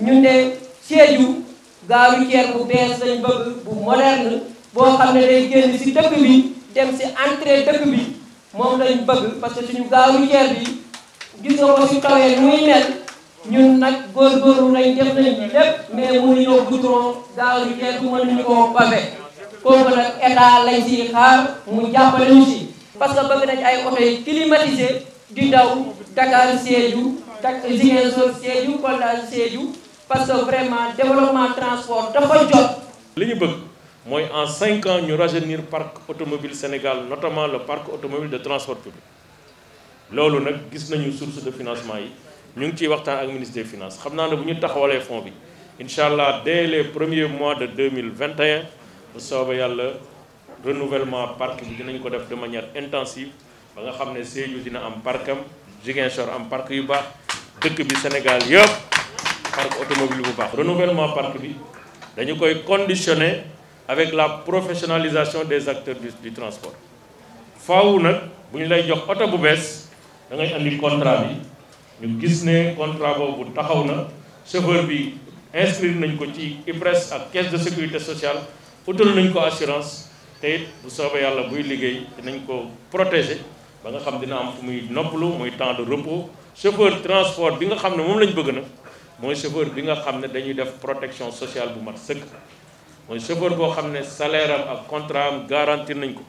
ñu ne Sédhiou gaaru ceer bu bees lañ bëgg bu moderne boo xam ne day génn si dëkk bi dem si entrée dëkk bi moom lañ bëgg parce que suñu gaaru ceer bi gis nga ko si tawee muy mel ñun nag góorgóorlu nañ def nañ ci lépp mais muy ñëw goudron gaaru ceer bu mënuñu koo pavé kooku nag état lañ si xaar mu jàppale ñu si parce que bëgg nañ ay oto yi climatisé di daw Dakar Sédhiou Ziguinchor Sédhiou Kolda Sédhiou parce que vraiment développement transport dafa jot. li ñu bëgg c'est en cinq ans ñu le parc automobile Sénégal notamment le parc automobile de transport public loolu nag gis nañu source de financement Nous ñu ngi ciy waxtaan ak ministre des finances Nous avons ne bu ñu taxawalee fond bi dès les premiers mois de 2021, nous avons le un renouvellement parc bi dinañ ko def de manière intensive Nous nga xam ne dina parc de Ziguinchor am parc yu baax dëkk bi Sénégal parc automobile bu baax renouvellement parc bi dañu koy avec la professionnalisation des acteurs du, transport faaw nag bu lay jox oto bu bees contrat bi ñu gis ne contrat boobu taxaw na chauffeur bi nañ ko caisse de sécurité sociale utal ko assurance te bu buy ko protéger temps de repos chauffeur transport bi nga xam mooy chauffeur bi nga xam ne dañuy def protection sociale bu mat sëkk mooy chauffeur boo xam ne salaire am ak contrat am garantir nañ ko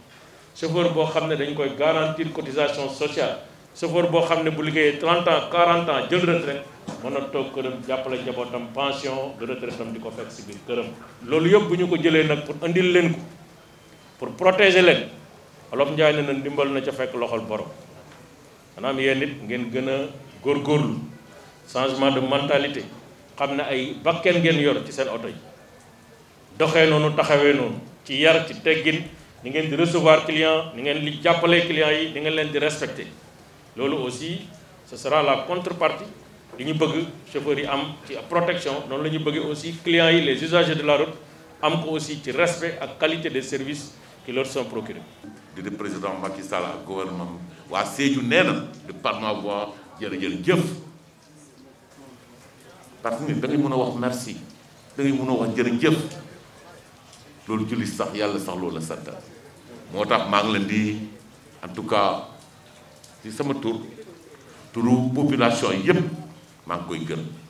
chauffeur boo xam ne dañ koy garantir cotisation sociale chauffeur boo xam ne bu liggéeyee 30 ans 40 ans jël retraite mën a toog këram jàppale njabootam pension retraite am di ko fekk si biir këram loolu yëpp bu ñu ko jëlee nag pour indil leen ko pour protéger leen olof njaay ne na ndimbal na ca fekk loxol borom maanaam yéen nit ngeen gën a góorgóorlu changement de mentalité xam ne ay bakken ngeen yor ci seen oto yi doxee noonu taxawee noonu ci yar ci teggin ni ngeen di recevoir client ni ngeen di jàppale client yi ni ngeen leen di respecter loolu aussi ce sera la contrepartie li ñu bëgg chauffeurs yi am ci protection noonu la ñu bëggee aussi clients yi les usagers de la route am ko aussi ci respect ak qualité des services qui leur sont procurés. di le président Macky Sall ak gouvernement waa Sédhiou nee na de par ma voix jërëjëf jëf. parce que nit da ngay mën a wax merci da ngay mën a wax jërëjëf loolu jullit sax yàlla sax loolu la sant moo tax maa ngi leen di en tout cas ci sama tur turu population yépp maa ngi koy gën